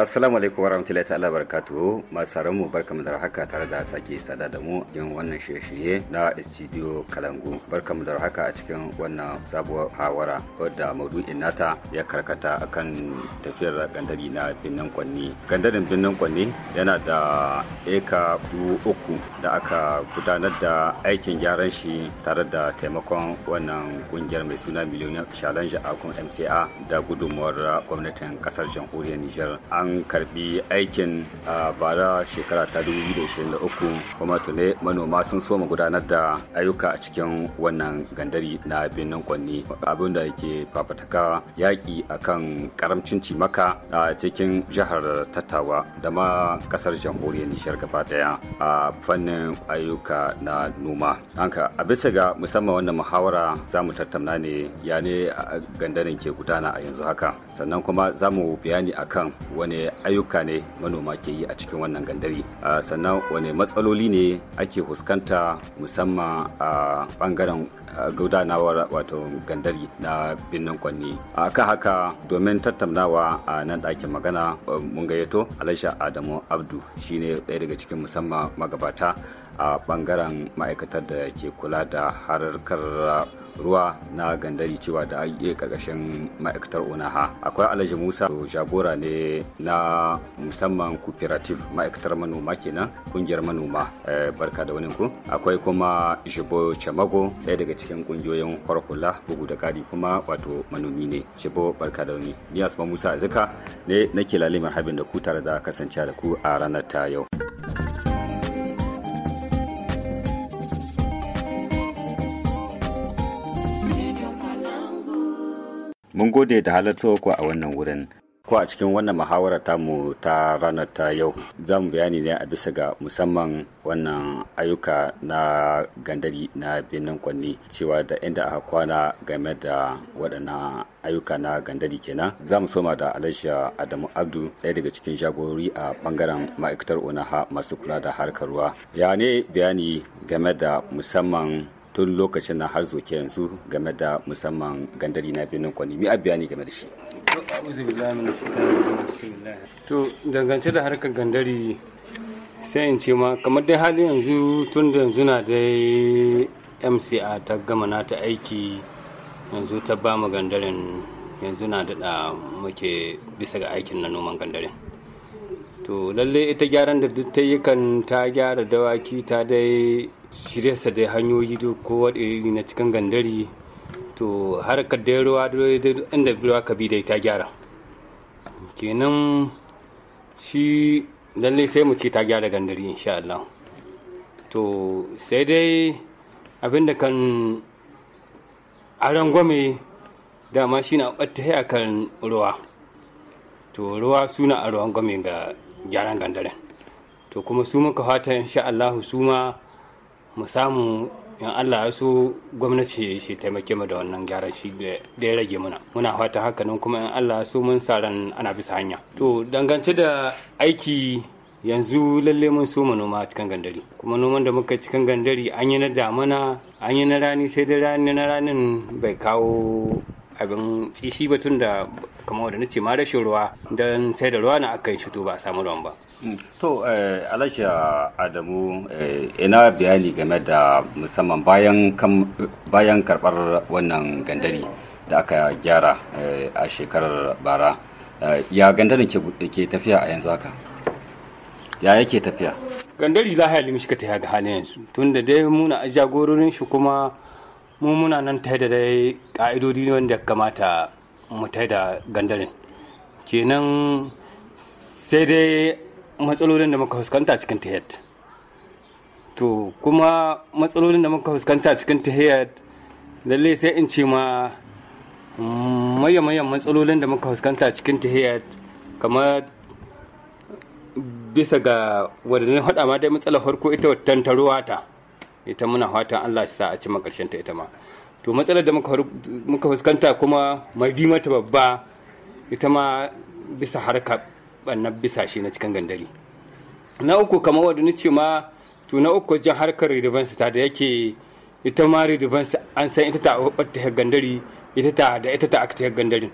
assalamu alaikum warahmatullahi ta'ala barakatu masu sauraron mu barkamu da haka tare da sake sada da mu yin wannan shirye-shirye na studio kalangu barkamu da haka a cikin wannan sabuwar hawara wadda maudu'in nata ya karkata akan tafiyar gandari na binnan kwanni gandarin binnan kwanni yana da eka uku da aka gudanar da aikin gyaran shi tare da taimakon wannan kungiyar mai suna miliyoniyan challenge a kun mca da gudunmuwar gwamnatin kasar jamhuriyar niger an an karbi aikin a bara shekara ta 2023 kuma tune manoma sun soma gudanar da ayyuka a cikin wannan gandari na birnin kwanni abin da yake fafataka yaƙi kan karamcin cimaka a cikin jihar tattawa da ma kasar jamhuriyar nishar gaba daya a fannin ayyuka na noma anka a bisa ga musamman wannan muhawara za mu tattauna ne ya ne gandarin ke gudana a yanzu haka sannan kuma za mu bayani akan wani ayyuka ne manoma ke yi a cikin wannan gandari sannan wane matsaloli ne ake fuskanta musamman a bangaren gudanawar wato gandari na birnin kwanni a kan haka domin tattaunawa a nan ɗakin magana mun gayyato alasha adamu abdu shine ɗaya daga cikin musamman magabata a bangaren ma'aikatar da ke kula da harkar ruwa na gandari cewa da iya karkashin ma'aikatar onaha akwai alhaji musa jagora ne na musamman cooperative ma'aikatar manoma kenan kungiyar manoma eh, barka da wani ku akwai kuma shibo chamago ɗaya daga cikin kungiyoyin kwarkula bugu da kari kuma wato manomi ne shibo barka da wani ni asma musa zika ne nake lalimar habin da ku tare da kasance da ku a ranar ta yau. mun gode da halartar ku a wannan wurin ko a cikin wannan muhawara tamu ta ranar ta yau za mu bayani ne a bisa ga musamman wannan ayyuka na gandari na birnin kwanni cewa da inda aka kwana game da waɗannan ayyuka na gandari kenan za mu soma da alasha adamu abdu ɗaya daga cikin jagorori a bangaren ma'aikatar onaha masu kula da harkar ruwa ya ne bayani game da musamman tun lokacin na har zuke yanzu game da musamman gandari na birnin kwani mi abiya ne game da shi to dangance da harkar gandari sai in ce ma kamar dai hali yanzu tun da yanzu na dai mca ta gama na ta aiki yanzu ta ba mu gandarin yanzu na daɗa muke bisa ga aikin na noman gandarin to lalle ita gyaran da duk ta yi kan ta gyara dawaki ta dai shirya da hanyoyi ko iri na cikin gandari to harkar da ruwa inda ruwa ka bi dai ta gyara kenan shi lallai sai mu ce ta gyara gandari insha Allah to sai dai abinda kan aron gwame dama shi na ɓatta haya kan ruwa to ruwa suna a ruwan gwame ga gyaran gandaren to kuma su muka fata insha Allah su ma mu samu in Allah su gwamnati shi taimake mu da wannan gyaran shi da ya rage muna muna fata haka nan kuma in Allah su mun sa ran ana bisa hanya to dangance da aiki yanzu lalle mun so mu noma cikin gandari kuma noman da muka cikin gandari an yi na damana an yi na rani sai da rani na ranin bai kawo abin cishi batun da kamar wanda nace ma rashin ruwa dan sai da ruwa na akan shi to ba a samu ruwan ba to eh, alasha adamu eh, ina bayani game da musamman bayan karbar wannan gandari da aka gyara eh, a shekarar bara ya gandarin ke tafiya a yanzu haka ya yake tafiya gandari za a yi mishi ka ta ga halin yanzu tunda dai muna jagororin shi kuma mu muna nan ta da dai ka'idodi wanda kamata mu ta da gandarin kenan sai dai matsalolin da muka fuskanta cikin tahiyat to kuma matsalolin da muka fuskanta cikin tahiyat lalle sai in ce ma mayan matsalolin da muka fuskanta cikin tahiyat kamar bisa ga wadannan na ma dai matsalar farko ita wata taruwa ta ita muna fatan Allah sa a cimma ƙarshen ta ita ma to matsalar da muka fuskanta kuma mai bi mata babba ita ma bisa harkar ɓannan shi na cikin gandari na uku kamar wadda ce ma to na uku jan harkar redevance ta da yake ita ma redevance an san ita ta ɓatta gandari ita ta da ita ta aka gandarin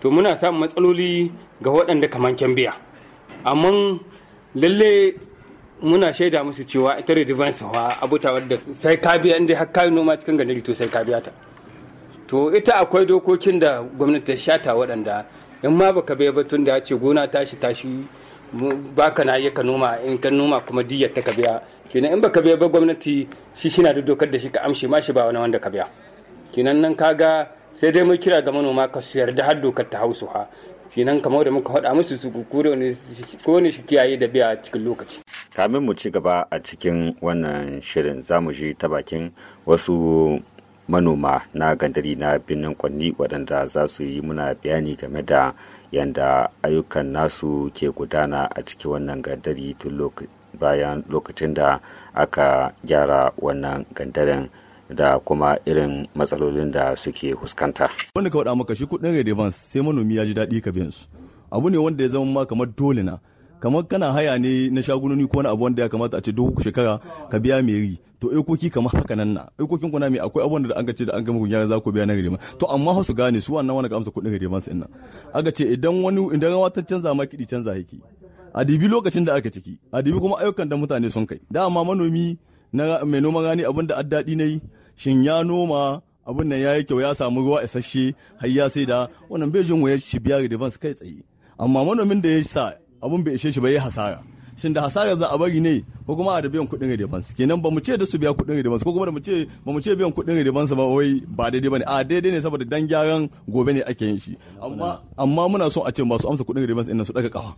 to muna samun matsaloli ga waɗanda kamar biya amma lalle muna shaida musu cewa ita redevance wa abuta wadda sai ka biya inda har kayi noma cikin gandari to sai ka biya ta to ita akwai dokokin da gwamnati ta shata waɗanda in ma baka bai ba tun da ya ce gona tashi tashi baka na yi ka noma in ka noma kuma diyar ta ka biya kenan in baka bai ba gwamnati shi shina da dokar da shi ka amshe ma shi ba wani wanda ka biya kenan nan kaga sai dai mu kira ga manoma ka su yarda har dokar ta hausu ha kenan kamar da muka faɗa musu su ko ne shi kiyaye da biya cikin lokaci kamin mu ci gaba a cikin wannan shirin zamu mu ji ta bakin wasu manoma na gandari na birnin kwanni waɗanda za su yi muna bayani game da yadda ayyukan nasu ke gudana a cikin wannan gandari tun bayan lokacin da aka gyara wannan gandarin da kuma irin matsalolin da suke fuskanta. wanda ka waɗa maka shi kuɗin redevance sai manomi ya ji daɗi ka biyan su abu ne wanda ya zama ma kamar dole na kamar kana haya ne na shagunoni ko na abu wanda ya kamata a ce duk shekara ka biya meri to ikoki kamar haka nan na ikokin kuna me akwai abun da an ga ce da an gama gyara za ku biya na rema to amma su gane su wannan wani ka amsa kuɗin rema sai nan aka ce idan wani idan rawa ta canza ma kiɗi canza yake a dibi lokacin da aka ciki a dibi kuma ayyukan da mutane sun kai da amma manomi na mai noma rani abin da addaɗi na yi shin ya noma abin nan ya yi kyau ya samu ruwa isasshe har ya sai da wannan bai jin wayar shi biya redevance kai tsaye amma manomin da ya sa abun bai ishe shi ba ya hasara shin da hasara za a bari ne ko kuma a da biyan kuɗin redevans kenan ba mu ce da su biya kuɗin redevans ko kuma da mu ce ba mu ce biyan kuɗin redevans ba wai ba daidai bane a daidai ne saboda dan gyaran gobe ne ake yin shi amma amma muna son a ce masu amsa kuɗin redevans ɗin su daga kawa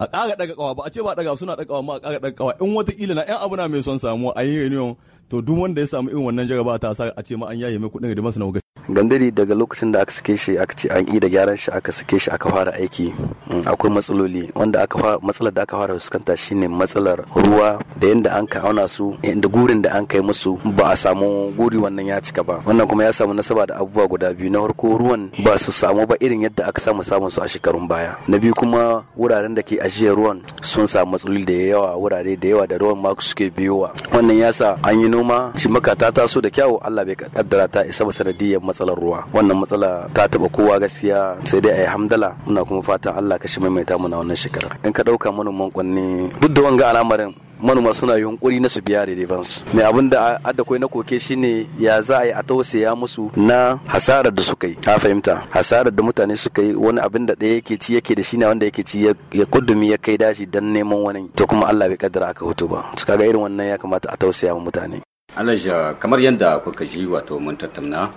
a ƙara daga kawa ba a ce ba daga suna daga kawa ma a ƙara daga kawa in wataƙila na 'yan abu na mai son samuwa a yi reunion to duk wanda ya samu irin wannan jaraba ta sa a ce ma an yaye mai kuɗin redevans na gandari daga lokacin da aka sake shi aka ce an yi da gyaran shi aka sake shi aka fara aiki mm, akwai matsaloli wanda aka fara matsalar da aka fara fuskanta shine matsalar ruwa da yadda an ka auna su da gurin da an kai musu ba a samu guri wannan ya cika ba wannan kuma ya samu nasaba da abubuwa guda biyu na farko ruwan ba su samu ba irin yadda aka samu samun su a shekarun baya na biyu kuma wuraren da ke ajiyar ruwan sun samu matsaloli da yawa wurare da yawa da ruwan ma suke biyowa wannan ya sa an yi noma shi makata ta so da kyawu Allah bai kaddara ta isa ba sanadiyar matsalar ruwa wannan matsala ta taba kowa gaskiya sai dai a yi hamdala muna kuma fatan Allah ka shi maimaita muna wannan shekarar in ka dauka manoman kwanne duk da wanga al'amarin manoma suna yunkuri na su biya relevance mai abin da adda na koke shine ya za a yi a tausaya musu na hasarar da suka yi ka fahimta hasarar da mutane suka yi wani abin da ɗaya yake ci yake da shi wanda yake ci ya kudumi ya kai dashi dan neman wani to kuma Allah bai kaddara aka hoto ba su kaga irin wannan ya kamata a tausaya wa mutane Allah kamar yadda kuka ji wato mun tattauna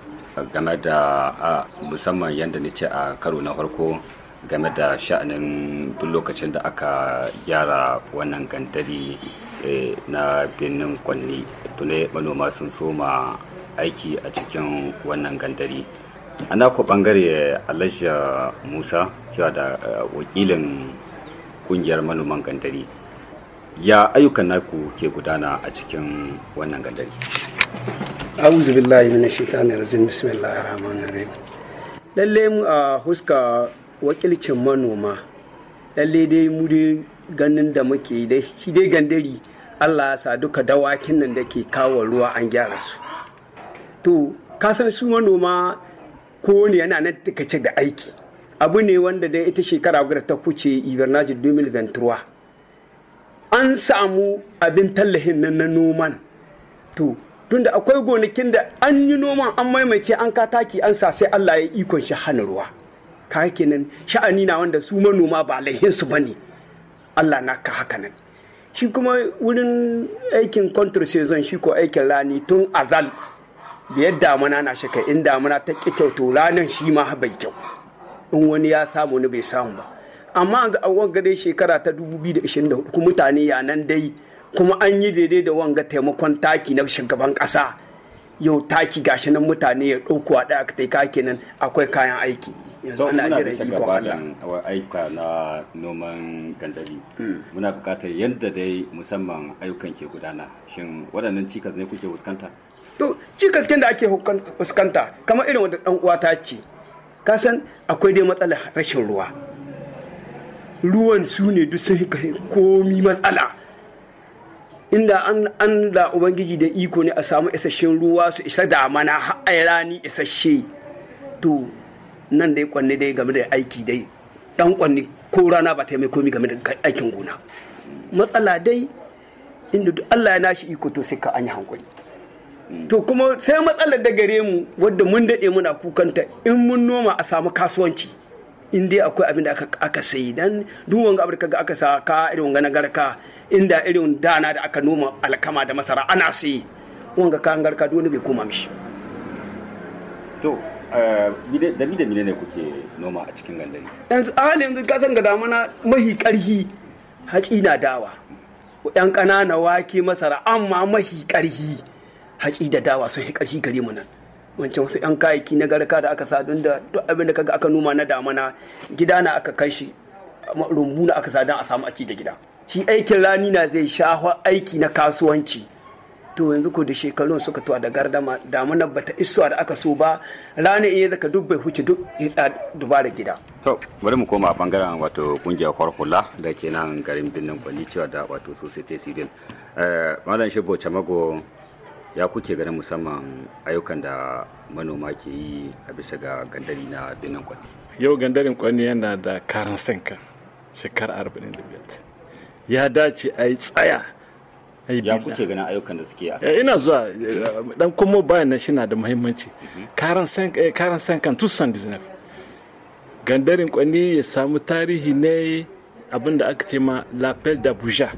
game da musamman yadda ni ce a karo na farko game da sha'anin duk lokacin da aka gyara wannan gandari eh, na birnin kwanni tunai manoma sun soma aiki a cikin wannan gandari ana ku bangare alasha musa cewa da eh, wakilin kungiyar manoman gandari ya ayyukan naku ke gudana a cikin wannan gandari a'udhu billahi minash shaitanir rajim bismillahir rahmanir rahim lalle mu a huska wakilcin manoma lalle dai mu dai ganin da muke dai shi dai gandari Allah ya sa duka dawakin nan da ke kawo ruwa an gyara su to kasan su manoma ko ne yana nan takace da aiki abu ne wanda dai ita shekara guda ta kuce ibernajin 2023 an samu abin tallahin nan na noman to tunda akwai gonakin da an yi noman an maimaice an kataki an sa sai Allah ya ikon shi hana ruwa ka nan sha'ani na wanda su manoma ba laihinsu ba ne Allah na ka haka nan shi kuma wurin aikin contra season shi ko aikin rani tun azal biyar damuna na shaka in damuna ta ƙi kyau to ranar shi ma bai kyau in wani ya samu ni bai samu ba amma a wangar shekara ta 2024 kuma mutane yanan dai kuma an yi daidai da wanga taimakon taki na shugaban ƙasa yau taki gashi nan mutane ya ɗauko a ɗaya ka kai kenan akwai kayan aiki yanzu ana jiran ikon Allah aika na noman gandari. Hmm. muna buƙatar yadda dai musamman ayyukan ke gudana shin waɗannan cikas ne kuke fuskanta to cikas da ake fuskanta kamar irin wanda ɗan ta ce ka san akwai dai matsalar rashin ruwa ruwan su ne duk sun komi matsala inda an da ubangiji da iko ne a samu isasshen ruwa su isa damana har ai rani isasshe to nan dai kwanne dai game da aiki dai dan kwanne ko rana ba ta mai komi game da aikin gona matsala dai inda duk Allah ya nashi iko to sai ka anya hankali to kuma sai matsalar da gare mu wadda mun daɗe muna kukanta in mun noma a samu kasuwanci in dai akwai abin da aka sayi dan duk wanga abin kaga aka sa ka irin wanga na garka inda irin dana da aka noma alkama da masara ana sayi wanga kayan garka dole bai koma mishi to eh, da mi da mi ne kuke noma a cikin gandari yanzu halin yanzu kasan ga damana mahi karhi haci na dawa yan ƙanana wake masara amma mahi karhi haci da dawa sun yi karhi gare mu nan wancan wasu 'yan kayayyaki na garka da aka sa da duk abin da kaga aka noma na damana gida na aka kai shi rumbu na aka sa a samu aci da gida shi aikin rani na zai shafa aiki na kasuwanci to yanzu ko da shekarun suka tuwa da gardama damana bata isuwa da aka so ba rani iya zaka duk bai huce duk ya dubara gida to bari mu koma bangaren wato kungiyar kwarkula da ke nan garin birnin kwali da wato societe civil eh, malam shibo chamago ya kuke ganin musamman ayyukan da manoma ke yi a bisa ga gandari na binan kwanne yau gandarin kwanne yana da karin sanka shekarar 45 biyar ya dace a yi tsaya ya kuke ganin ayyukan da suke a eh, ina zuwa eh, dan kuma bayan na shina da muhimmanci mhm. eh, karan sankan tusan disney gandarin kwanne ya samu tarihi ne abinda aka ce ma lapel da buja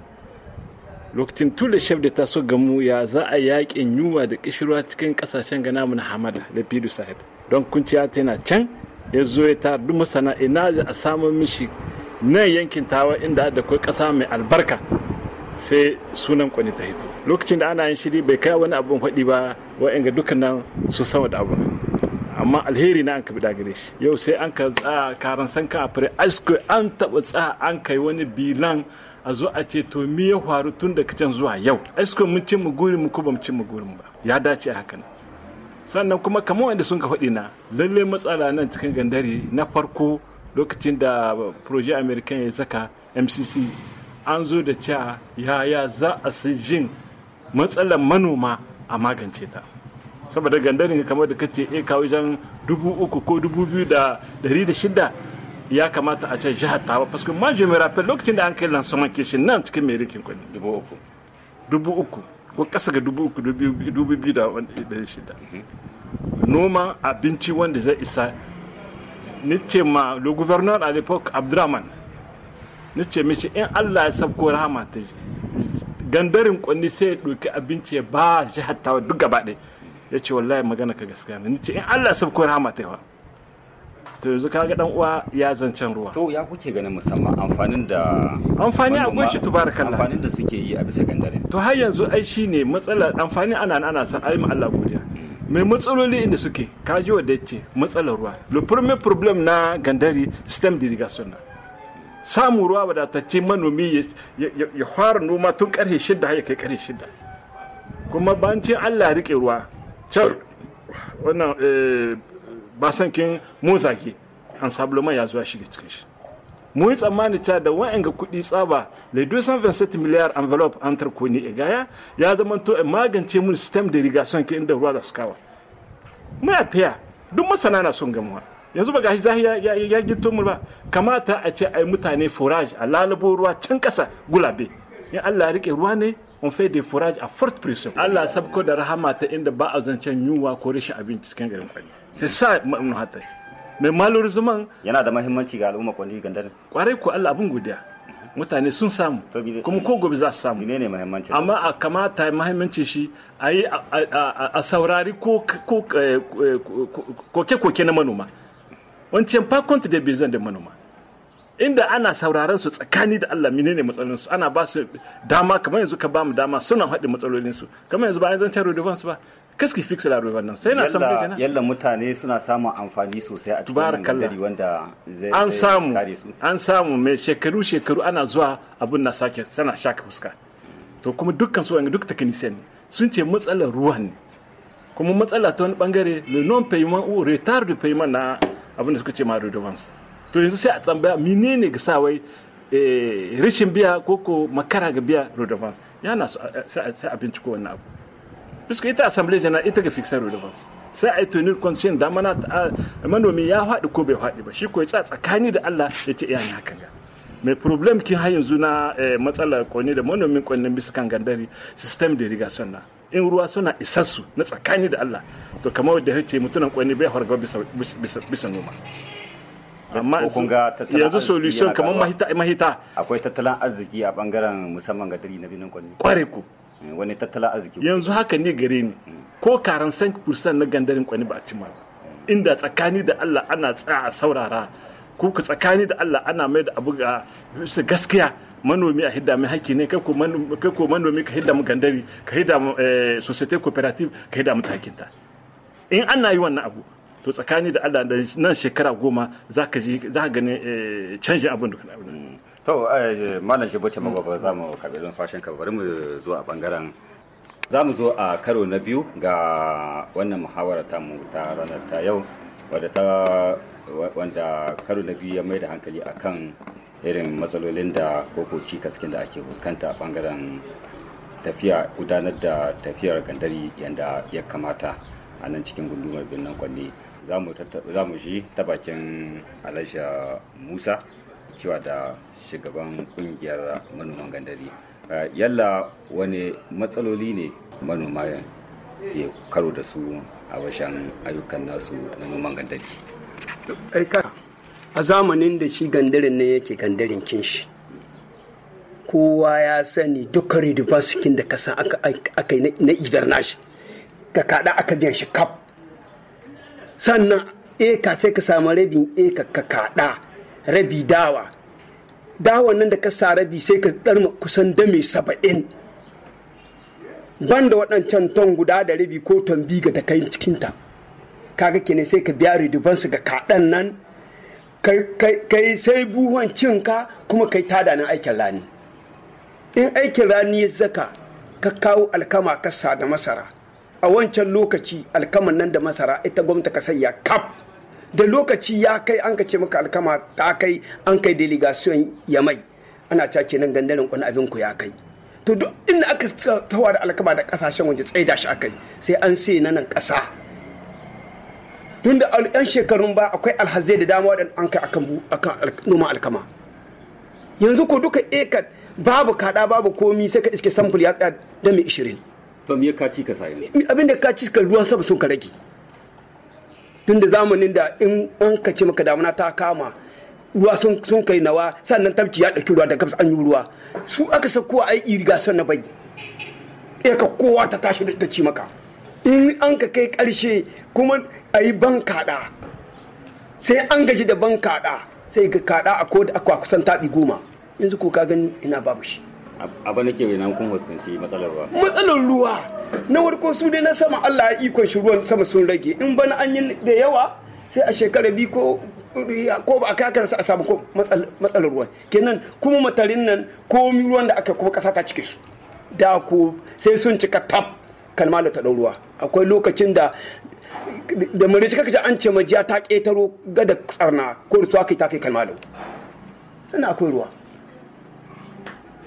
lokacin tula shef da taso gamu ya za a yakin yunwa da kishirwa cikin kasashen gana mun hamada da fidu sahib don kunciya yana can ya zo ya ta duk masana ina a samun mishi nan yankin tawa inda da kai kasa mai albarka sai sunan kwani ta hito lokacin da ana yin shiri bai kai wani abun faɗi ba wa'yanga dukkanin su sama da abu amma alheri na an ka bida gare shi yau sai an ka tsaya karan sanka a fure an taɓa tsaya an kai wani bilan a zo a ce to me ya faru tun da can zuwa yau aiskon mun ce mu guri mu ko ba mu ce mu ba ya dace haka sannan kuma kamar wanda sun ka faɗi na lalle matsala nan cikin gandari na farko lokacin da proje american ya saka mcc an zo da cewa yaya za a jin matsalar manoma a magance ta saboda gandarin kamar da kace e eh, kawo jan dubu uku ko dubu biyu da dari da shida ya kamata a ce jihar tawa parce que moi je me rappelle lokacin da an kai lansaman kishin nan cikin mai rikin kwani dubu uku dubu uku ko kasa ga dubu uku dubu biyu da shida noma abinci wanda zai isa ni ce ma le gouverneur à l'époque abdurrahman ni ce mishi in allah ya sabko rahama ta gandarin kwanni sai ya ɗauki abinci ya ba jihar tawa duk gaba ɗaya ya ce wallahi magana ka gaskiya ni ce in allah ya sabko rahama ta yawa to yanzu kaga dan uwa ya zancen ruwa to ya kuke ganin musamman amfanin da amfani a gunshi tubarakallah amfanin da suke yi a bisa gandare to har yanzu ai shine matsalar amfani ana ana san ai mu Allah godiya mm. mai matsaloli inda suke kaji wa da ce matsalar ruwa le premier problem na gandari stem irrigation na samu ruwa wadatacce manomi ya fara noma tun karhe shida ya kai karhe shida kuma bancin Allah rike ruwa can wannan eh, kin mun zage an sabulman ya zuwa shiga cikin shi mu yi tsammani ta da ga kuɗi tsaba le 227 miliyar envelope an tarko ne a gaya ya zama to magance mun system da irrigation ke inda ruwa da su kawa ya taya duk masana na son gamuwa yanzu ba gashi zahi ya gito mu ba kamata a ce ai mutane forage a lalabo ruwa can kasa gulabe in Allah ya rike ruwa ne on fait des forages à forte pression Allah sabko da rahama ta inda ba a zancen yunwa ko rashin abinci cikin garin kwani sai sa ma'amun hatta mai zaman yana da mahimmanci ga al'umma kwanji gandarin kwarai ko Allah abin godiya mutane sun samu kuma ko gobe za su samu ne ne mahimmanci amma a kamata mahimmanci shi a yi a saurari eh, eh, koke-koke na manoma wancan fakon da bezon da manoma inda ana sauraron su tsakani da Allah menene matsalolin su ana ba su dama kamar yanzu ka ba mu dama suna haɗe matsalolin su kamar yanzu ba an zancen rodovans ba qu'est-ce qui fixe la revenance sai na san bai kenan yalla mutane suna samun amfani sosai a cikin gari wanda zai an samu an samu me shekaru shekaru ana zuwa abun na sake sana shaka fuska to kuma dukkan su wanga duk technician ne sun ce matsalar ruwan ne kuma matsala ta wani bangare le non paiement ou retard de paiement na abin da suka ce ma redevance to yanzu sai a tambaya menene ga sawai eh, rashin biya ko ko makara ga biya redevance yana sai a binciko wannan abu puisque ita assemblée générale ita ga fixer relevance sai a yi tuni kwanciyar da mana manomi ya faɗi ko bai faɗi ba shi ko ya tsakani da Allah ya ce iya hakan ga mai problem kin har yanzu na eh, matsalar kone da manomin kwanin bisa kan gandari system da irrigation na in ruwa suna isassu na tsakani da Allah to kamar da ya ce mutunan kwani bai harga bisa noma amma yanzu solution kamar mahita akwai tattalin arziki a bangaren musamman ga na binin kwanne kware ku Eh, wani tattalin arziki yanzu haka ne gare ni ko karan 5% na gandarin kwani ba a cimma inda tsakani da Allah ana tsaya a saurara ko ku tsakani da Allah ana mai da abu ga su gaskiya manomi a hidda mai haƙƙi ne kai ko manomi ka hidda mu gandari ka hidda mu eh, societe cooperative ka hidda mu takinta in ana yi wannan abu to tsakani da Allah nan shekara goma za ka gani eh, canjin abin da to malam shi bace magwaba za mu karbi fashin ka bari mu zo a bangaren za mu zo a karo na biyu ga wannan muhawara ta mu ta ranar ta yau wadda ta wanda karo na biyu ya mai da hankali akan irin matsalolin da koko cikaskin da ake fuskanta a bangaren tafiya gudanar da tafiyar gandari yadda ya kamata a nan cikin gundumar birnin kwanne za mu shi ta bakin alasha musa cewa da shugaban kungiyar manoman gandari ah, yalla wani matsaloli ne manoma ke karo da su a ayyukan nasu na noman gandari a zamanin da shi gandarin ne yake gandarin kinshi kowa ya sani dukkan su sukin da kasa aka yi na idar nashi ka kada aka biyan shi kaf sannan eka sai ka samu rabin eka ka kada rabi dawa dawan nan da kasa rabi sai ka tsarma kusan dame saba'in banda waɗancan ton guda da rabi ko ton biyu ga kai cikinta kaga ne sai ka biya su ga kaɗan nan kai sai buhon cinka kuma kai tada nan aikin rani in aikin rani ya zaka ka kawo alkama kasa da masara a wancan lokaci alkaman nan da masara ita gwamnati ka sanya kaf da lokaci ya kai an ka ce maka alkama ta kai an kai delegation ya mai ana ta kenan gandarin kwan abin ku ya kai to duk inda aka tawa da alkama da kasashen waje tsaida shi akai sai an sai na nan kasa tunda yan shekarun ba akwai alhazai da dama waɗanda an kai akan noma alkama yanzu ko duka ekat babu kada babu komi sai ka iske sample ya tsaya da mai ishirin. to me ka ci ka sai yanzu abin da ka ci ka ruwan sabu sun ka rage tun da zamanin da in an maka damuna ta kama ruwa sun kai nawa sannan tabci ya ɗauki ruwa da gabas an yi ruwa su aka sakuwa ai iriga son na bai ka kowa ta tashi da ci maka in an ka kai ƙarshe kuma a yi ban kaɗa sai an gaji da ban kaɗa sai ga kaɗa a kusan taɓi goma yanzu ko ka gani ina babu shi abu nake nan kun fuskanci matsalar ruwa matsalar ruwa na warko su dai na sama Allah ya ikon shi ruwan sama sun rage in bana an yi da yawa sai a shekara bi ko ko ba a kakar a samu ko matsalar ruwa kenan kuma matarin nan ko ruwan da aka kuma kasa ta cike su da ko sai sun cika tab kalma da ta ruwa akwai lokacin da da mare cika kace an ce majiya ta ketaro gada tsarna ko da su aka yi ta kai kalma da tana akwai ruwa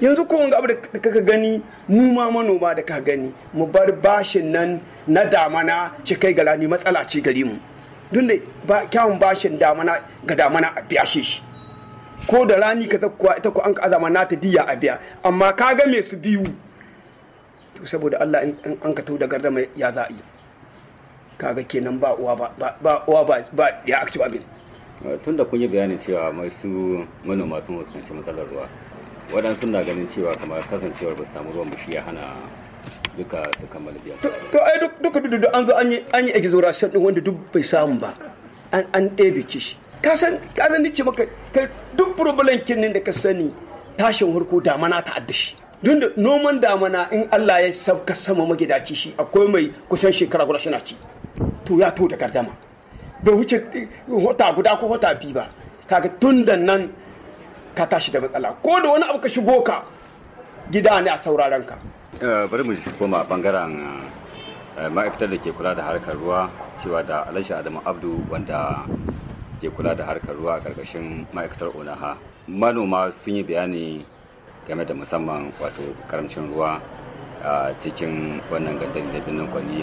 yanzu ko wanga abu da kaka gani mu ma manoma da kaka gani mu bar bashin nan na damana shi kai galani matsala ce gari mu don da kyawun bashin damana ga damana a biya shi ko da rani ka zakkuwa ita ko an ka azama nata diya a biya amma ka ga me su biyu to saboda Allah in an ka tau da gardama ya za'i kaga kenan ba uwa ba ba uwa ba ba ya akci ba tun da kun yi bayanin cewa mai su manoma sun wasu kanci matsalar ruwa waɗansu na ganin cewa kamar kasancewar ba samu ruwan shi ya hana duka su kammala biyan to ai duka duka an zo an yi an exoration din wanda duk bai samu ba an an ɗebe kishi ka san ka san ce maka kai duk problem kin da ka sani tashin harko damana ta addashi don da noman damana in Allah ya sauka sama magidaci shi akwai mai kusan shekara guda shi ci to ya to da gardama bai wuce eh, hota guda ko hota biyu ba kaga tun da nan ka tashi da matsala ko da wani abu ka shigo ka gida ne a sauraron ka eh, bari mu koma bangaren eh, ma'aikatar da ke kula da harkar ruwa cewa da alhaji adamu abdu wanda ke kula da harkar ruwa a karkashin ma'aikatar onaha manoma sun yi bayani game da musamman wato karamcin ruwa a cikin wannan gandun da birnin kwani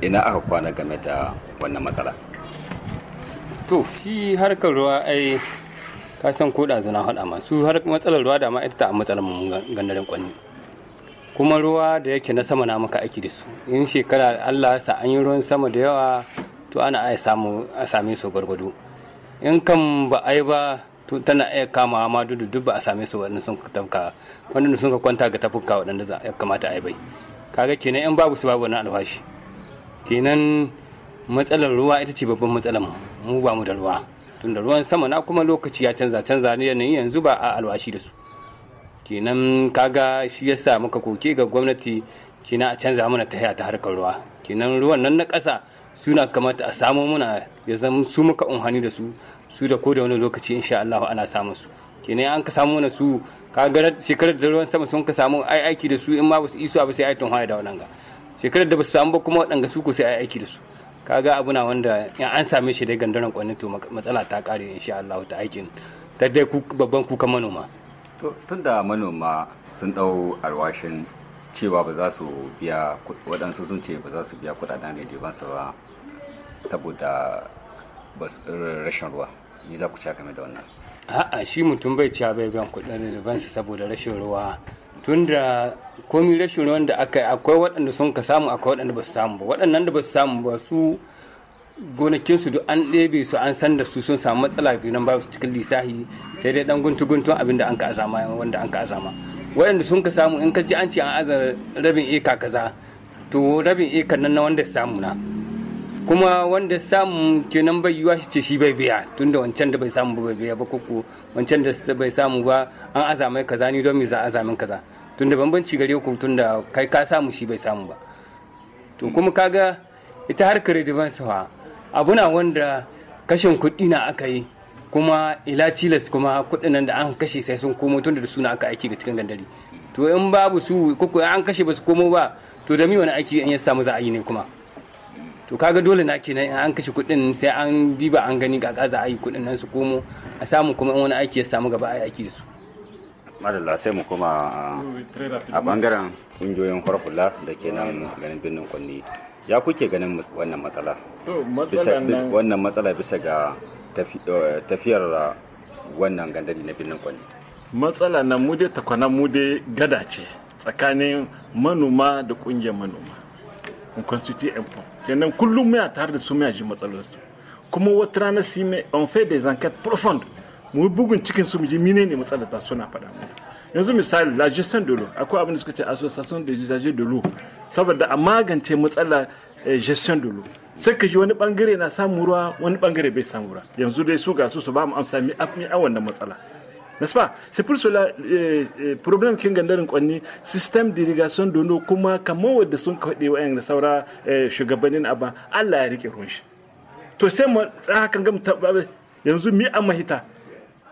ina aka kwana game da wannan matsala to shi harkar ruwa ai ka san ko da zana haɗa ma su har matsalar ruwa da ma ita ta a matsalar mu gandarin kwanni kuma ruwa da yake na sama na maka aiki da su in shekara Allah sa an yi ruwan sama da yawa to ana aya samu a same su gwargwado in kan ba ai ba to tana iya kama ma dudu duk ba a same su wannan sun tafka wannan sun ka kwanta ga tafuka waɗanda za ya kamata a bai kaga kenan in babu su babu wannan alfashi kenan matsalar ruwa ita ce babban matsalar mu mu ba mu da ruwa tunda ruwan sama na kuma lokaci ya canza canza ne yanayin yanzu ba a alwashi da su kenan kaga shi ya sa muka koke ga gwamnati kenan a canza mana ta ta harkar ruwa kenan ruwan nan na ƙasa suna kamata a samo muna ya zama su muka unhani da su su da ko da wani lokaci insha Allah ana samun su kenan an ka samu na su kaga shekarar da ruwan sama sun ka samu ai aiki da su in ma ba su iso ba sai ai tunhaya da ga shekarar da ba su samu ba kuma waɗanga su ko sai ai aiki da su kaga abuna wanda in an same shi dai gandaran kwanin to matsala ta kare insha Allah ta aikin ta dai babban kuka manoma to tunda manoma sun dau alwashin cewa ba za su biya waɗansu sun ce ba za su biya kudaden redibansu ba saboda rashin ruwa ni za ku ci game da wannan a'a shi mutum bai ci bai biyan kudaden redibansu saboda rashin ruwa tunda komi rashin ruwan da aka akwai waɗanda sun ka samu akwai waɗanda ba su samu ba waɗannan da ba su samu ba su gonakin su duk an ɗebe su an san da su sun samu matsala nan ba su cikin lissafi sai dai dan guntu guntun abin da an ka azama wanda an ka azama waɗanda sun ka samu in ka ji an ce an azar rabin eka kaza to rabin eka nan na wanda samu na kuma wanda samu kenan bai yiwa shi ce shi bai biya tunda wancan da bai samu ba bai biya ba koko wancan da bai samu ba an azamai kaza ni don mi za a azamin kaza tunda bambanci gare ku tunda kai ka samu shi bai samu ba to kuma kaga ita harkar advance fa abu na wanda kashin kuɗi na aka yi kuma ila tilas kuma kuɗin nan da an kashe sai sun komo tunda da suna aka aiki ga cikin gandari to in babu su kuku an kashe ba su komo ba to da mi wani aiki in ya samu za a yi ne kuma to kaga dole na kenan in an kashe kuɗin sai an diba an gani ga za a yi kuɗin nan su komo a samu kuma in wani aiki ya samu gaba a yi aiki da su madalla sai mu kuma a bangaren ƙungiyoyin farfula da ke nan ganin birnin kwanne ya kuke ganin wannan matsala wannan matsala bisa ga eh, tafiyar wannan gandali na birnin kwanne matsala na mu takwana mu gada ce tsakanin manoma da kungiyar manoma in constitute import nan kullum ya tare da su mai ji matsalarsu kuma wata rana si mai on fait des enquêtes profondes mu bugun cikin su mu ji mine ne matsalar ta suna faɗa mana yanzu misali la gestion de l'eau akwai abin da suka ce association de usage de l'eau saboda a magance matsala eh, gestion de l'eau sai ka ji wani bangare na samun ruwa wani bangare bai samu ruwa yanzu dai su ga su su ba mu amsa mi a wannan matsala n'est-ce pas C'est pour cela eh, eh, problème kin gandarin kwanni system d'irrigation l'eau kuma kamar wanda sun kaɗe wa'yan da saura shugabannin aba Allah ya rike ruwan shi to sai mu tsakan ga yanzu mi amma hita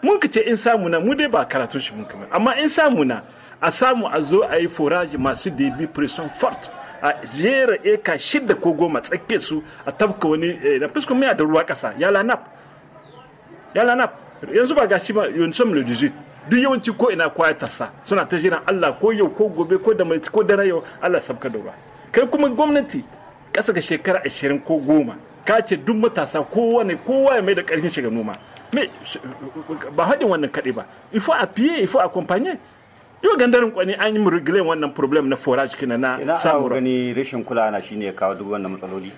mun ka ce in samu na mu dai ba karatu shi mun kamar amma in samu na a samu a zo a yi foraji masu bi pression fort a jera eka shida ko goma tsakke su a tabka wani eh, na fuskun miya da ruwa kasa ya lanap ya lanap yanzu ba gashi ba yanzu mu duk yawanci ko ina kwaya tasa suna ta jiran Allah ko yau ko gobe ko da mai ko dare yau Allah sabka da ruwa kai kuma gwamnati kasa ga shekara 20 ko goma ka ce duk matasa kowa ne kowa ya mai da karshen shiga noma mais ba haɗin wannan kaɗai ba il faut appuyer il faut accompagner yau gandarin kwani an yi rigilen wannan problem na forage kina na samura gani rashin kula na shine ya kawo duk wannan matsaloli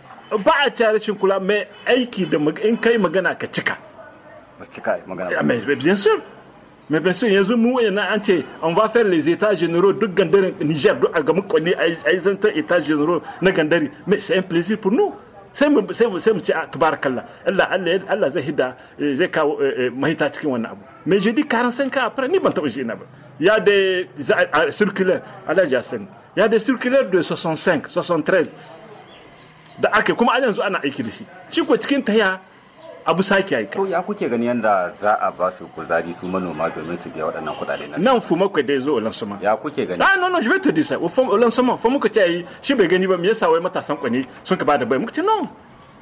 ba a ta rashin kula mai aiki da in kai magana ka cika ba cika magana ba ah, bien sûr mai bien sûr yanzu mu yana an ce on va faire les états généraux duk gandarin Niger duk a ga mu kwani a yi zantar états généraux na gandari mais c'est un plaisir pour nous sai mu sai mu sai ce ah, tabarakallah Allah Allah Allah zai hida eh, zai kawo eh, eh, mahita cikin wannan abu me je di karan san ka fara ni ban taɓa shi ina ba ya da circular Allah ya san ya da circular de 65 73 da ake kuma a yanzu ana aiki da shi shi ko cikin ta ya abu sake aika Ko ya kuke gani yadda za a ba su kuzari su manoma domin su biya waɗannan kuɗaɗe na nan fu makwai dai zo olan sama. ya kuke gani ah no no je vais te dire ça olan suma fa muka ce shi bai gani ba me yasa wai matasan kwani sun ka ba da bai muka ce non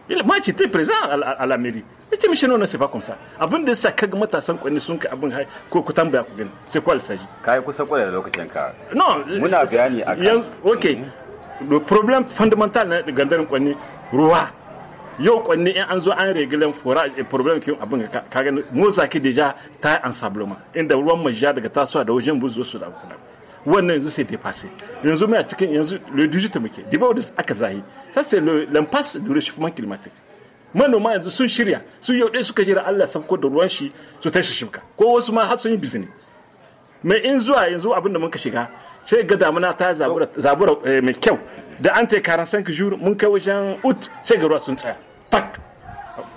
il moi j'étais présent à, à, à la mairie ce monsieur non c'est pas comme ça abin da sa kaga matasan kwani sun ka abin ko ku tambaya ku gani c'est quoi le saji kai kusa kwada da lokacin ka non muna bayani akan ok mm-hmm. le problème fondamental na gandarin kwani ruwa yau kwanne in an zo an regulan fora a eh, problem kin abin ka gani motsa ki deja ta yi sabloma inda ruwan majiya daga tasowa da wajen buzo su da abin wannan yanzu sai dépassé yanzu mai a cikin yanzu le digit muke diba wadda aka zahi ça c'est l'impasse du réchauffement climatique manoma yanzu sun shirya su yau dai suka jira Allah sabko da ruwan shi su tashi shimka ko wasu ma har sun yi bizini mai in zuwa yanzu abin da ka shiga sai ga damuna ta zabura eh, mai kyau da an tai karan sanka jur mun kai wajen ut sai ga sun tsaya tak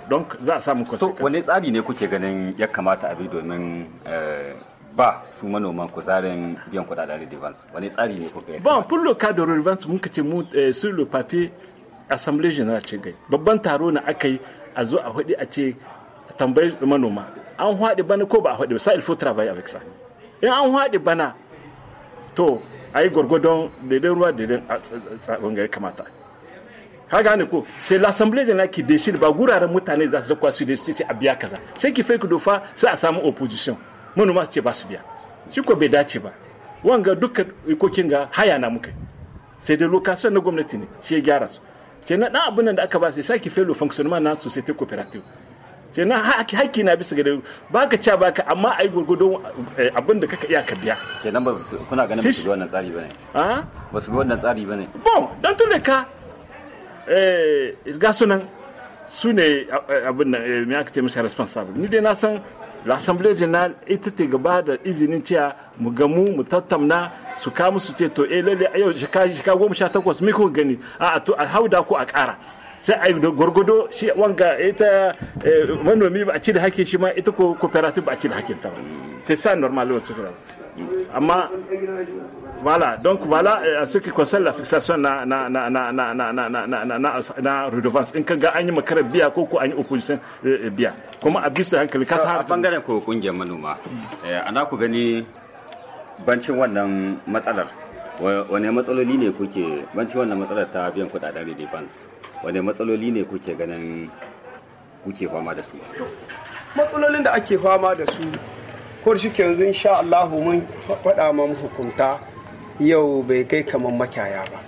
don za a samu consequence to wani tsari ne kuke ganin ya kamata a bi domin eh, ba su manoman kuzarin biyan kudaden redevance wani tsari ne kuka yi bon pour le cas de redevance mun kace mu eh, sur le papier assemblée générale ce gai babban taro na aka yi a zo a hudi a ce tambayi manoma an haɗe bana ko ba a haɗe ba sa il faut travailler avec ça in an haɗe bana to a yi gwargwadon daidai ruwa daidai tsabon gari kamata ka gane ko sai l'assemblée general ki decide ba guraren mutane za su zakwa su da su a biya kaza sai ki fake dofa sai a samu opposition manoma su ce ba su biya shi ko bai dace ba wanga duka ikokin ga haya na muka sai dai lokacin na gwamnati ne shi ya gyara su ce na dan abin da aka ba sai saki felo fonctionnement na société coopérative na haƙƙi na bisa gare baka ca baka amma yi gurgudun eh, abin da kaka iya ka biya nan ba kuna ganin ba su wannan tsari bane ba su wannan tsari bane bon dan tunda ka eh, ga sunan su ne eh, abin da me aka ce masa responsible ni dai na san l'assemblée générale ita ta gaba da izinin cewa mu gamu mu tattamna su kamu su ce to eh lalle yau shika goma sha takwas miko gani a to a hauda ko a ƙara sai a yi gwargwado shi wanga ita manomi ba a ci da hakin shi ma ita ko cooperative ba a ci da hakin ta ba sai sa normal wasu amma Voilà, donc voilà ce qui concerne la fixation na na na na na na na na na na na na redevance in kaga an yi makarar biya ko ko an yi opposition biya kuma a bisa hankali ka san a bangaren ko kungiyar manoma ana ku gani bancin wannan matsalar wane matsaloli ne kuke banci wannan matsalar ta biyan kudaden defense wane matsaloli ne kuke ganin kuke fama da su matsalolin da ake fama da su ko shi yanzu insha Allah mun faɗa ma hukunta yau bai kai kamar makaya ba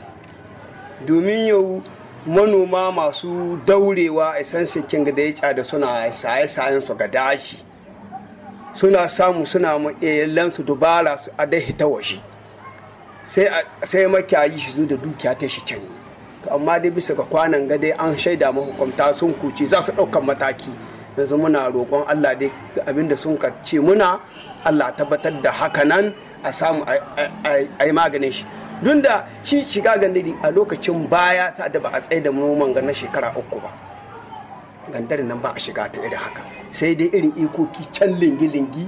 domin yau manoma masu daurewa a sansikin da ya da suna saye-sayen su ga dashi suna samu suna mu dubara a dai ta waje. sai makiyayi shi zo da dukiya ta shi can to amma dai bisa ga kwanan ga dai an shaida mahukumta sun kuce za su ɗaukan mataki yanzu muna roƙon Allah dai abin da sun ce muna Allah tabbatar da haka nan a samu a maganin shi dun da shi shiga gandari a lokacin baya ta da ba a tsaye da noman ga na shekara uku ba gandar nan ba a shiga ta irin haka sai dai irin ikoki can lingi-lingi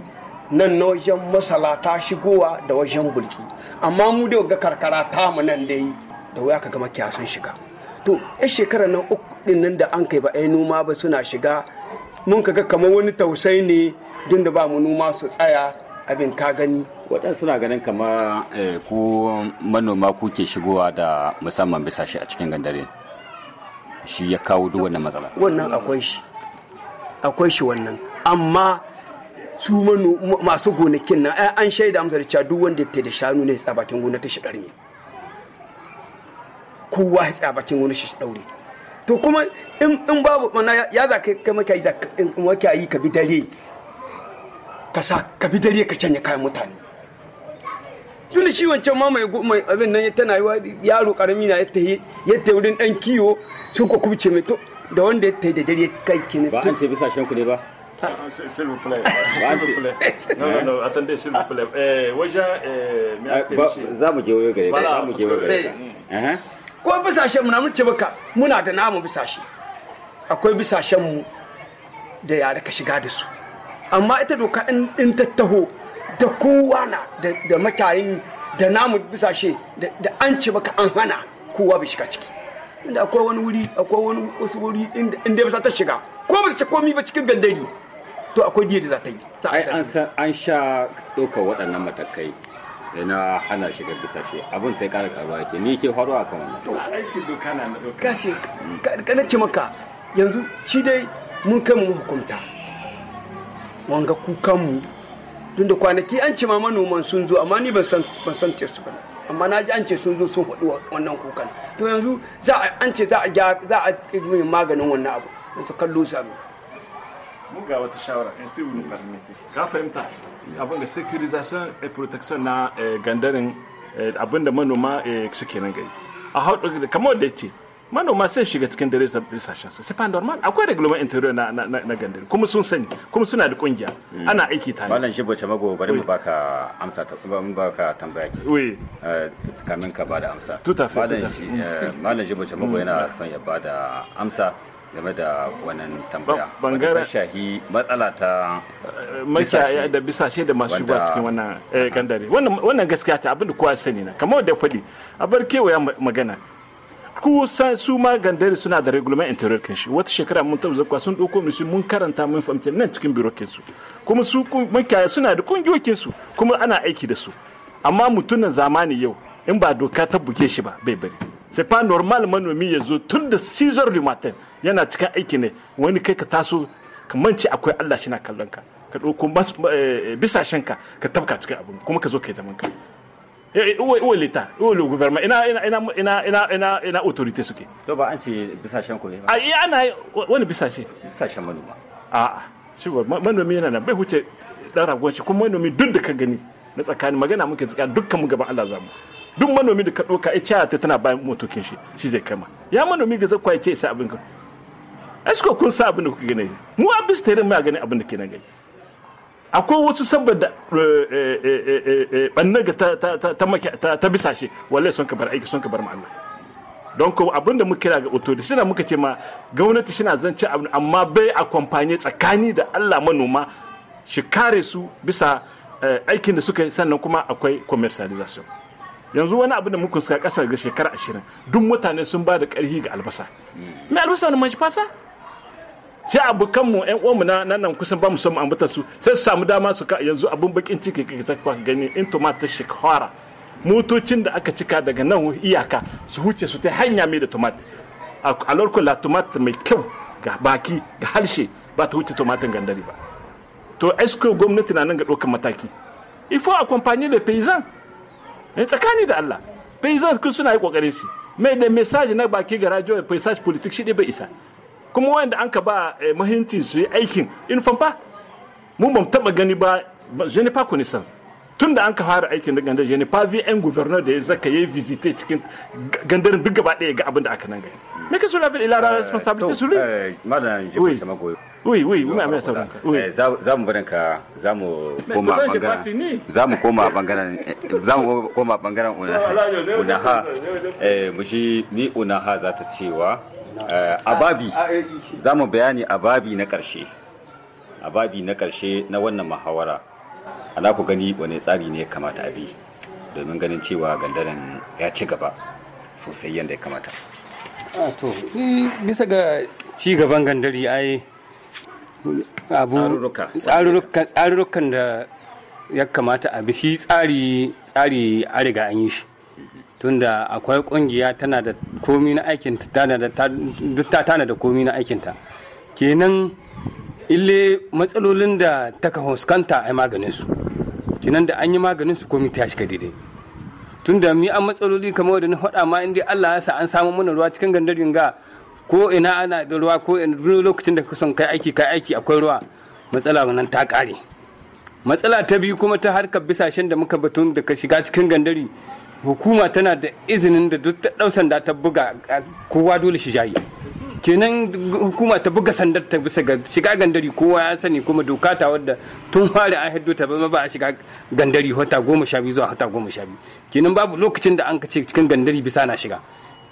nan na wajen masala ta shigowa da wajen bulki amma mu da ga karkara ta mu nan dai da wuya ka gama kyasun shiga to ya shekara nan uku din nan da an kai ba ai noma ba suna shiga mun kaga kamar wani tausai ne din da ba mu noma su tsaya abin ka gani waɗansu suna ganin kamar eh, ku manoma kuke shigowa da musamman bisa shi a cikin gandare shi ya kawo duk wannan matsala wannan akwai shi akwai shi wannan amma su masu gonakin nan eh, an shaida amsa da cewa duk wanda ya da shanu ne ya bakin gona ta shi ne kowa ya tsaya bakin gona shi ɗaure to kuma in babu mana ya za ka kai makayi za ka yi ka bi dare ka sa ka bi dare ka canja kayan mutane tun shi wancan ma mai abin nan tana yi yaro karami na yadda yadda wurin dan kiwo sun ko kubce mai to da wanda ya tayi da dare kai kenan ba an ce bisa shanku ne ba S'il vous plaît. S'il vous plaît. attendez, s'il vous ah. plaît. Eh, Waja, eh, ah, je gare je gare Ko bisashen mu na mun ce baka muna da namu bisashe. Akwai bisashen mu da yare ka shiga da su. Amma ita doka in in taho da kowa na da makayin da namu bisashe da an ce baka an hana kowa bai shiga ciki. Inda akwai wani wuri, akwai wani wasu wuri inda bisa ta shiga. Ko ba ta ce komi ba cikin gandari. to akwai diya da za ta yi an sha ɗaukar waɗannan matakai na hana shiga bisashe abin sai ƙara karuwa ke ni ke a kan wannan to aikin doka na doka ka ce ka ce maka yanzu shi dai mun kai mu hukunta wanga kukan mu tunda kwanaki an ce ma manoman sun zo amma ni ban san ce su ba amma na ji an ce sun zo sun faɗi wannan kukan to yanzu za an ce za a za a maganin wannan abu yanzu kallo sami mu ga wata shawara in eh, sai wani permite ka fahimta abin da securitization e protection na eh, gandarin eh, abin da manoma suke nan gari a haɗu kamar da ce manoma sai shiga cikin dare da risashen su sefa normal akwai reglement interior na na gandari kuma sun sani kuma suna da kungiya hmm. ana aiki tare wannan shi bace mago bari mu baka amsa ta mu baka tambaya ki oui kamin ka bada amsa tuta fa malam shi bace mago yana son ya bada amsa game da wannan tambaya bangaren shahi matsala ta eh, makiyaya da bisashe da masu shigowa cikin wannan eh, gandare wannan gaskiya ta abinda kowa sani na kamar da faɗi a bar kewaya magana kusan su ma gandare suna da regular interior shi wata shekara mun tabbata kuwa sun ɗauko mu mun karanta mun fahimta nan cikin birokin su kuma su makiyaya suna da kungiyoyin su kuma ana aiki da su amma mutunan zamani yau in ba doka ta buge shi ba bai bari c'est pas normal manomi ya zo tun da 6 du matin yana cikin aiki ne wani kai ka taso ka mance akwai Allah shi na kallon ka ka ɗauko eh, bisashen ka ka tabka cikin abin kuma ka zo kai zaman ka eh, eh, uwa leta uwa le gouvernement ina ina ina ina ina ina autorité suke to ba an ce bisashen ku ne ba a ah, iya ana wani bisashe bisashen manoma a ah, a shi manomi yana nan bai huce dan ragon shi kuma manomi duk da ka gani na tsakanin magana muke tsakani dukkan mu gaban Allah mu. duk manomi da ka ɗauka ya ta tana bayan motokin shi shi zai kama ya manomi ga zakwa ya ce isa abin ka esko kun sa abin da kuka gani mu a bisa tare ma gani abin da ke nan gani akwai wasu saboda banna eh, eh, eh, ga ta bisa shi wallahi sun ka bar aiki sun ka bar ma'alla don ko abin da muka kira ga da suna muka ce ma gwamnati shi na zance abin amma bai a kwamfani tsakani da allah manoma shi kare su bisa aikin da suka yi sannan kuma akwai commercialization yanzu wani abu da muka suka kasar ga shekara ashirin duk mutane sun ba da karhi ga albasa mai albasa wani manshi fasa sai abokanmu yan uwanmu na nan kusan ba mu son ambata su sai su samu dama su ka yanzu abun bakin ciki ka ta gani in tumatir shekwara motocin da aka cika daga nan iyaka su huce su ta hanya mai da tumatir a lorkun la tumatir mai kyau ga baki ga harshe ba ta wuce tumatir gandari ba to esko gwamnati na nan ga ɗaukar mataki ifo a accompagner da paysans in eh, tsakani da Allah bai zan kun suna yi kokarin shi mai da message na baki ga radio message politics shi bai isa kuma wanda an ka ba eh, muhimmanci su yi aikin in fa mu ban taba gani ba je ne pas connaissance tun da an ka fara aikin da gandar je ne pas vie un gouverneur da ya zaka yi visite cikin gandar duk gaba daya ga abin da aka nan gani me ka so la ville eh, il a la responsabilité sur lui madame je peux Oui, oui, oui, mais ça oui. Eh, za mu barin ka za mu koma bangaren za mu koma bangaren za mu koma bangaren unaha eh mu shi ni unaha za ta cewa eh, ababi ah, ah, eh, za mu bayani ababi na karshe ababi na karshe na wannan muhawara ana ku gani wani tsari ne kamata a bi domin ganin cewa gandaran ya ci gaba sosai yadda ya kamata. Ah, to bisa ga ci gaban gandari ai tsarurruka tsarurrukan da ya kamata a bishi tsari tsari a riga an yi shi tunda akwai kungiya tana da komi na aikinta tana da ta tana da komi na aikinta kenan ille matsalolin da ta ka huskanta a maganin su kenan da an yi maganin su komi ta shiga daidai tunda mi an matsaloli kamar da na faɗa ma inda Allah ya sa an samu mana ruwa cikin gandar ga ko ina ana da ruwa ko ina lokacin da ka son kai aiki kai aiki akwai ruwa matsala nan ta kare matsala ta biyu kuma ta harkar bisashen da muka batun da ka shiga cikin gandari hukuma tana da izinin da duk ta dausan sanda ta buga kowa dole shi jayi kenan hukuma ta buga sandar ta bisa ga shiga gandari kowa ya sani kuma doka ta wadda tun fara an haddo ta ba ba a shiga gandari hota goma sha biyu zuwa hota goma sha biyu kenan babu lokacin da an ka ce cikin gandari bisa na shiga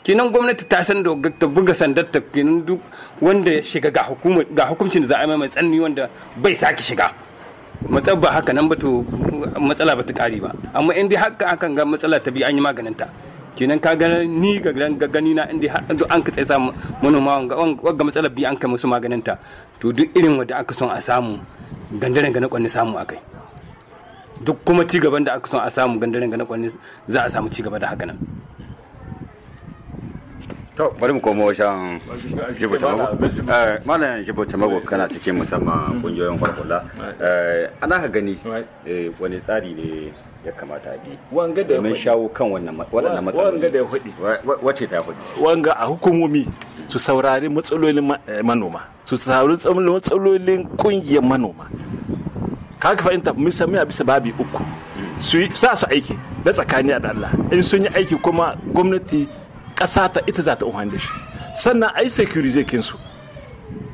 kinan gwamnati ta san da ta buga sandar ta kinan duk wanda ya shiga ga hukuma ga hukuncin da za a yi mai tsanani wanda bai sake shiga matsala ba haka nan ba to matsala ba ta kare ba amma in dai haka akan ga matsala ta bi an yi maganin ta kinan ka ga ni ga gani na inda an ka tsaye sa manoma wanga matsala bi an kai musu maganinta to duk irin wanda aka son a samu gandaren ga na kwanne samu akai duk kuma cigaban da aka son a samu gandaren ga na kwanne za a samu cigaba da haka nan to bari mu koma wajen jibo tamago eh, malam jibo tamago kana cikin musamman hmm. kungiyoyin kwalkwala eh, ana ka gani eh, wani tsari ne ya kamata a bi wanga da domin shawo kan wannan matsaloli wanga da ya hudi wace ta hudi wanga a hukumomi su saurari matsalolin manoma su saurari matsalolin kungiyar manoma ka ka fahimta musamman bisa babi uku hmm. su sa su aiki da tsakani da Allah in sun yi aiki kuma gwamnati ƙasa ta ita za ta umarni da shi sannan ai zai kinsu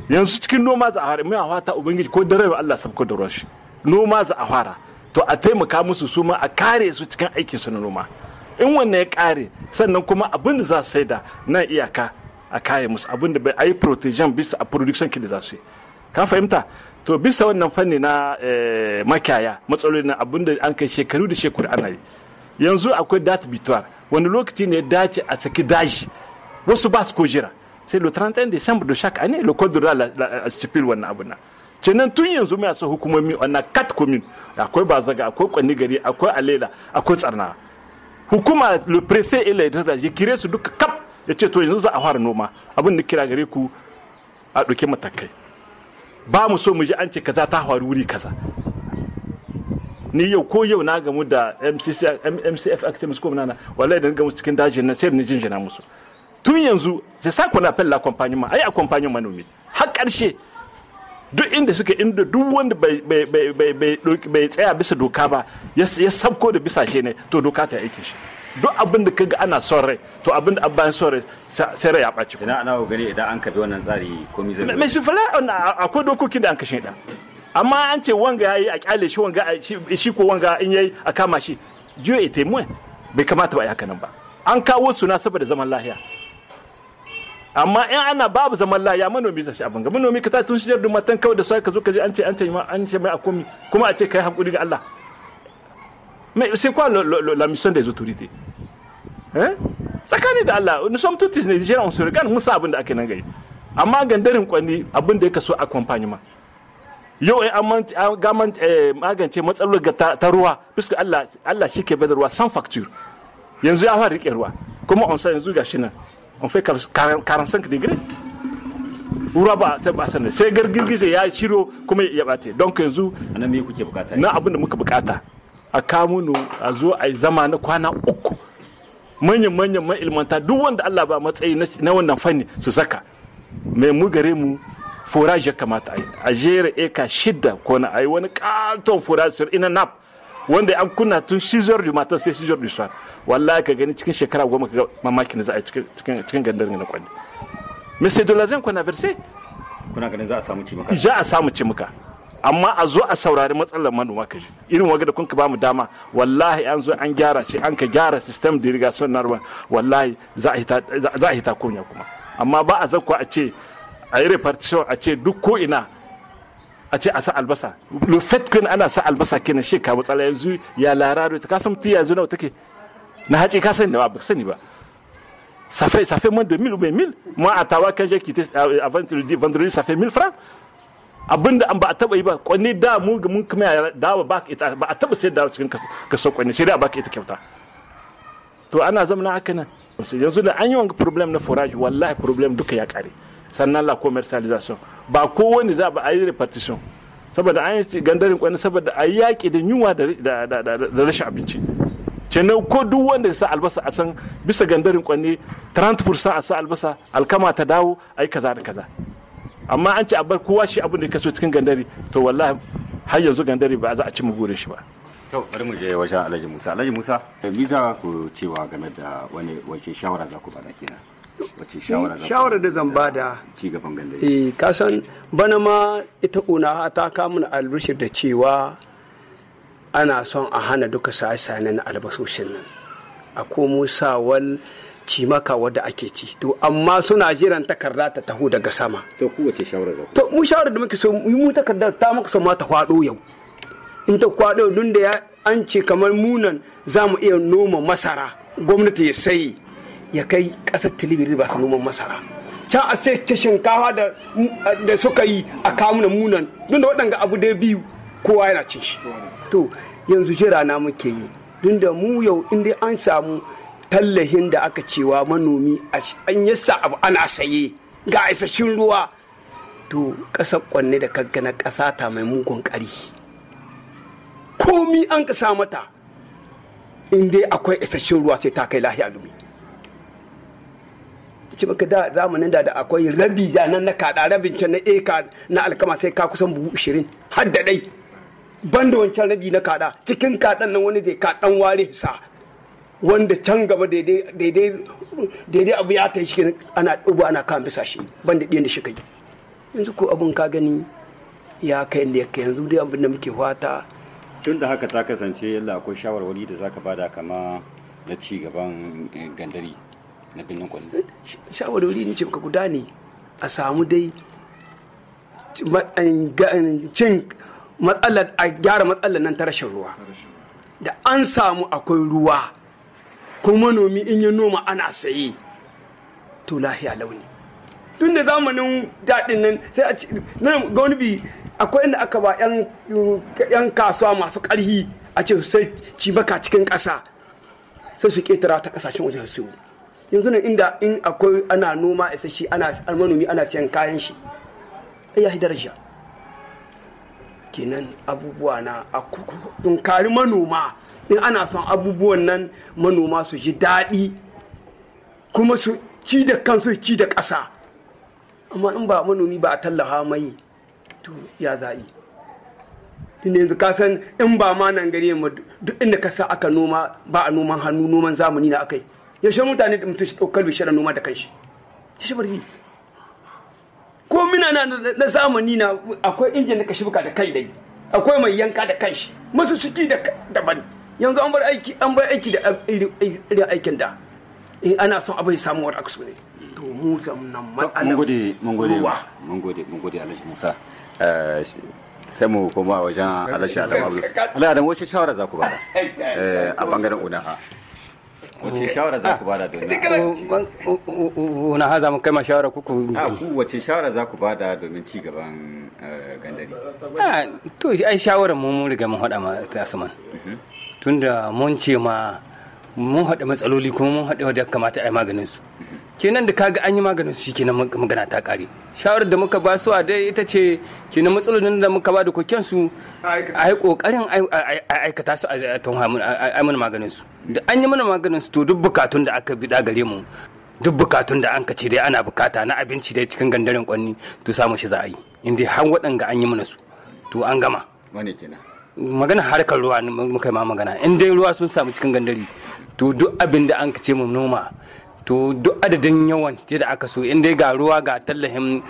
yanzu cikin noma za a fara mai a ubangiji ko da rayuwa Allah sabko da ruwan noma za a fara to a taimaka musu su ma a kare su cikin aikin su na noma in wannan ya kare sannan kuma abin da za su saida na iyaka a kare musu abin da bai ayi protection bisa a production kin da za su yi ka fahimta to bisa wannan fanni na eh, makiyaya matsaloli na abin da an kai shekaru da shekaru ana yi yanzu akwai dat bituwar wani lokaci ne dace a saki daji wasu ba su ko jira sai le 31 décembre de chaque année le code rural stipule wannan abu na kenan tun yanzu muna son hukumomi wannan kat commune akwai bazaga akwai kwanni gari akwai alela akwai tsarna hukuma le préfet et les ya kire su duka kap ya ce to yanzu za a fara noma abin da kira gare ku a ɗauki matakai ba mu so mu ji an ce kaza ta faru wuri kaza ni yau ko yau na gamu da mcf actimus ko nana wallahi da gamu cikin dajin na sai ni jinjina musu tun yanzu je sa na fella ma ai accompagnon manomi har karshe duk inda suka inda duk wanda bai tsaya bisa doka ba ya sabko da shi ne to doka ta aikin shi duk abin da kaga ana son rai to abin da an bayan son rai sai rai ya ɓaci. Ina ana gani idan an kabi wannan tsari komai zai. Mai shi fara akwai dokokin da an kashe ɗan. amma an ce wanga yayi a kyale shi wanga shi ko wanga in yayi a kama shi jiyo e taimuwa bai kamata ba haka nan ba an kawo suna saboda zaman lahiya amma in ana babu zaman lahiya manomi zai shi abin ga manomi ka ta tun shi da matan kawai da sai ka zo ka je an ce an ce an ce mai komi kuma a ce kai hakuri ga Allah mai c'est quoi la mission des autorités hein eh? tsakani da Allah nous sommes tous nigériens on se regarde mun abin da ake nan gari amma gandarin kwani abin da a kwamfani accompagnement yau ai an gaman eh, magance matsalar ta ruwa fiskar Allah shi ke bada ruwa san facture yanzu ya fara rike ruwa kuma on san yanzu ga shi nan on fai 45 degree ruwa ba ta ba sanar sai gargirgize ya ciro kuma ya bate don ka yanzu anan me kuke bukata na abin da muka bukata a kamo nu a zo a yi zama na kwana uku manyan manyan ma'ilmanta duk wanda Allah ba matsayi na wannan fanni su saka mai mu gare mu forage ya kamata a yi a jera eka shida ko na yi wani katon forage sur ina nap wanda an kunna tun shizor du matin sai shizor du soir wallahi ka gani cikin shekara goma ka mamakin da za a yi cikin cikin gandar na kwani mais c'est de l'argent verse. a versé kuna ganin za a samu cimaka za a samu cimaka amma a zo a saurari matsalar manoma kaji irin waga da kunka bamu dama wallahi an zo an gyara shi an ka gyara system da irrigation na ruwan wallahi za a hita kunya kuma amma ba a zakwa a ce a yi repartition a ce duk ko ina a ce a sa albasa le fait que ana sa albasa kenan shi ka matsala yanzu ya lararo ta kasan tiya yanzu nawa take na hace ka sani ba sani ba ça fait ça fait moins de 1000 ou 1000 moi à Tawa quand j'ai quitté avant euh, le vendredi vendredi ça fait 1000 francs abinda an ba a taba yi ba kwanne da mu mun kuma ya dawa ba ita ba a taba sai da cikin kaso kwanne sai da ba ita kyauta to ana zama na haka nan yanzu da an yi wani problem na forage wallahi problem duka ya kare sannan la commercialisation ba ko wani za ba a yi repartition saboda an yi gandarin kwani saboda a yi yaƙi da yunwa da rashin abinci kenan ko duk wanda ya sa albasa a san bisa gandarin kwani 30% a sa albasa alkama ta dawo a yi kaza da kaza amma an ce abar kowa shi abin da ya kaso cikin gandari to wallahi har yanzu gandari ba za a ci burin shi ba to bari mu je wajen alhaji musa alhaji musa me za ku cewa game da wani wace shawara za ku bada kenan shawara da zan bada da. Eh, kasan bana ma ita una ta kamun albashir da cewa ana son a hana duka sa'isane na albasoshin nan a komo sawal cimaka wadda ake ci to amma suna jiran takarda ta taho daga sama to ku wace shawara da to mu shawara da muke so mu takarda ta muka so ma ta kwado yau in ta kwado dun da an ce kamar munan za mu iya noma masara gwamnati ya sayi ya kai ƙasar tilibiri ba su noman masara can a sai ta shinkafa da suka yi a kamuna munan don da waɗanga abu da biyu kowa yana cin shi to yanzu jira na muke yi don da mu yau inda an samu tallahin da aka cewa manomi an yasa abu ana saye ga isasshen ruwa to ƙasar kwanne da kaggana ƙasa ta mai mugun ƙari komi an ka sa mata in dai akwai isasshen ruwa sai ta kai lahiya lumi ce baka da zamanin da da akwai rabi da nan na kada rabin can na eka na alkama sai ka kusan buhu 20 har da dai ban wancan rabi na kada cikin kadan nan wani zai kadan ware sa wanda can gaba daidai abu ya ta shi ana dubu ana kan bisa shi ban da da shi kai yanzu ko abin ka gani ya kai inda ya kai yanzu dai abin da muke fata tun da haka ta kasance yalla akwai shawarwari da zaka bada kama na ci gaban eh, gandari na filin kwari shawarori ne ce ka guda ne a samu dai cin matsalar a gyara matsalar nan ta rashin ruwa da an samu akwai ruwa kuma manomi in yi noma ana saye to lahiya launi tun da zamanin daɗin nan sai a nan ga wani bi akwai inda aka ba yan kasuwa masu ƙarhi a ce sai cimaka cikin ƙasa sai su ƙetara ta ƙasashen wajen su yanzu ne inda in akwai ana noma isasshe ana manomi ana siyan kayan shi ya shi daraja kenan abubuwa na tunkari manoma in ana son abubuwan nan manoma su ji daɗi kuma su ci da kansu ci da ƙasa amma in ba manomi ba a tallafa mai to ya za'i tunda yanzu ka in ba ma nan gari mu duk inda ka sa aka noma ba a noman hannu noman zamani na akai yaushe mutane da mutum shi ɗaukar bishara noma da kanshi yaushe shi ni ko mina na na zamani na akwai injin da kashi buka da kai dai akwai mai yanka da kanshi masu suki da daban yanzu an bar aiki an bar aiki da irin aikin da in eh, ana son abu samuwar samu aksu ne to mu ga nan mun gode mun gode mun gode mun gode Alhaji Musa eh, sai mu koma wajen Alhaji Adamu Abdul Adamu wace shawara za ku bada eh, a bangaren Unaha wace shawara za ah, ku bada domin wani haza mun kai ma shawara kuku ah, wace shawara za ku bada domin ci gaban eh, gandari a ah, to ai shawara mu mun riga mun hada ma asuman mhm. tunda mun ce ma mun hada matsaloli kuma mun hada da kamata ai maganin su mhm. kenan da kaga an yi maganin su kenan magana ta kare shawarar da muka ba su a dai ita ce kenan matsalolin da muka ba da koken su a yi kokarin aikata su a mana maganin su da an yi mana maganin su to duk bukatun da aka bi gare mu duk bukatun da an kace dai ana bukata na abinci dai cikin gandarin kwanni to samu shi za a yi dai har waɗanga an yi mana su to an gama wane kenan magana harkar ruwa muka ma magana in dai ruwa sun samu cikin gandari to duk abin da an kace mu noma to duk adadin yawan da aka so in dai ga ruwa ga tallahin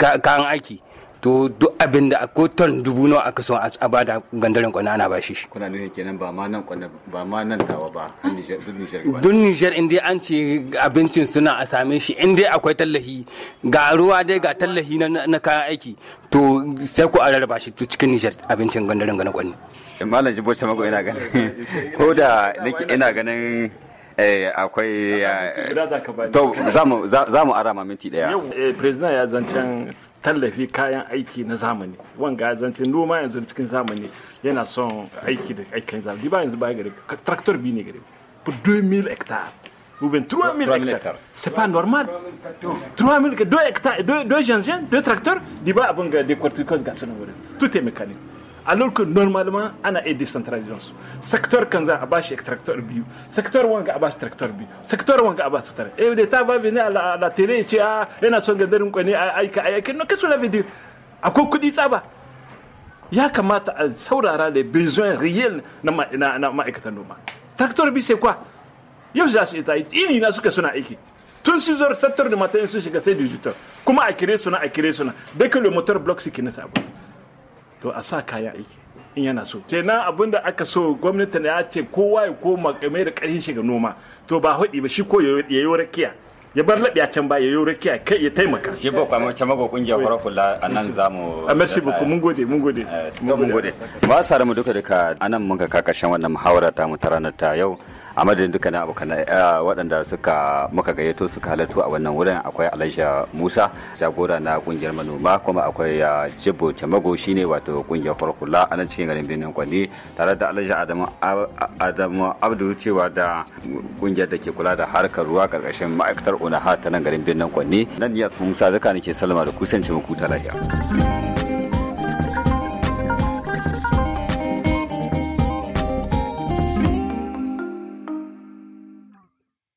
kayan aiki to duk abin da ko ton dubu nawa aka so a bada gandaren kwana ana bashi shi kuna nuna kenan ba ma nan kwana ba ma nan tawa ba Niger duk Niger duk Niger in dai an ce abincin suna a same shi in dai akwai tallahi ga ruwa dai ga tallahi na kayan aiki to sai ku a rarraba shi cikin Niger abincin gandaren gana kwanne malam jibo sama ina ganin ko da nake ina ganin eh akwai eh, to za mu arama minti daya eh, president ya zancen tallafi kayan aiki na zamani wanga zancen noma yanzu cikin zamani yana son aiki da aikin zamani ba yanzu ba gari tractor bi ne gari pour 2000 hectares ou bien 3000 hectares c'est pas normal 3000 2 hectares 2 gengènes 2 tracteurs diba abin ga des corticodes ga sunan tout est mécanique alors que normalement on des iya decentralization secteur kanza abache bashi tracteur bio. secteur wanga abache, tracteur bio. secteur wanga a bashi et l'État va venir à la, à la télé et ce ah des son on kwani aika aika no qu'est-ce que cela veut dire a akwai kuɗi tsaba Il y a saurara euh, les besoins réels dans ma économie. tracteur bio, c'est quoi Il y a ita ini na suka que cela. tun 6 heures 7 heures du matin sun shiga 18 heures Comment a cela, suna cela? dès que le moteur bloque c'est qu'il su kina sabo to a sa kaya aiki in yana so kenan abin da aka so gwamnati ya ce kowa ya koma game da ƙarfin shiga noma to ba hudi ba shi ko ya yi rakiya ya bar laɓi a can ba ya yi rakiya kai ya taimaka shi ba kwa mace mago kungiyar kwarar a nan za mu a merci beaucoup mun gode mun gode eh, mun gode ba sa mu duka duka anan mun ka kakashin wannan muhawara ta mu ta ranar ta yau a madadin dukkanin abokan eh, waɗanda suka muka gayyato suka halartu a wannan wurin akwai Alhaji musa jagora na kungiyar manoma kuma akwai eh, jibo chamago shine wato kungiyar kwarkula a nan cikin garin birnin kwanni. tare da Alhaji adamu abdul cewa da kungiyar da ke kula da harkar ruwa karkashin ma'aikatar unaha ta nan garin birnin kwalli nan ya musa zaka nake salama da kusanci muku ta lafiya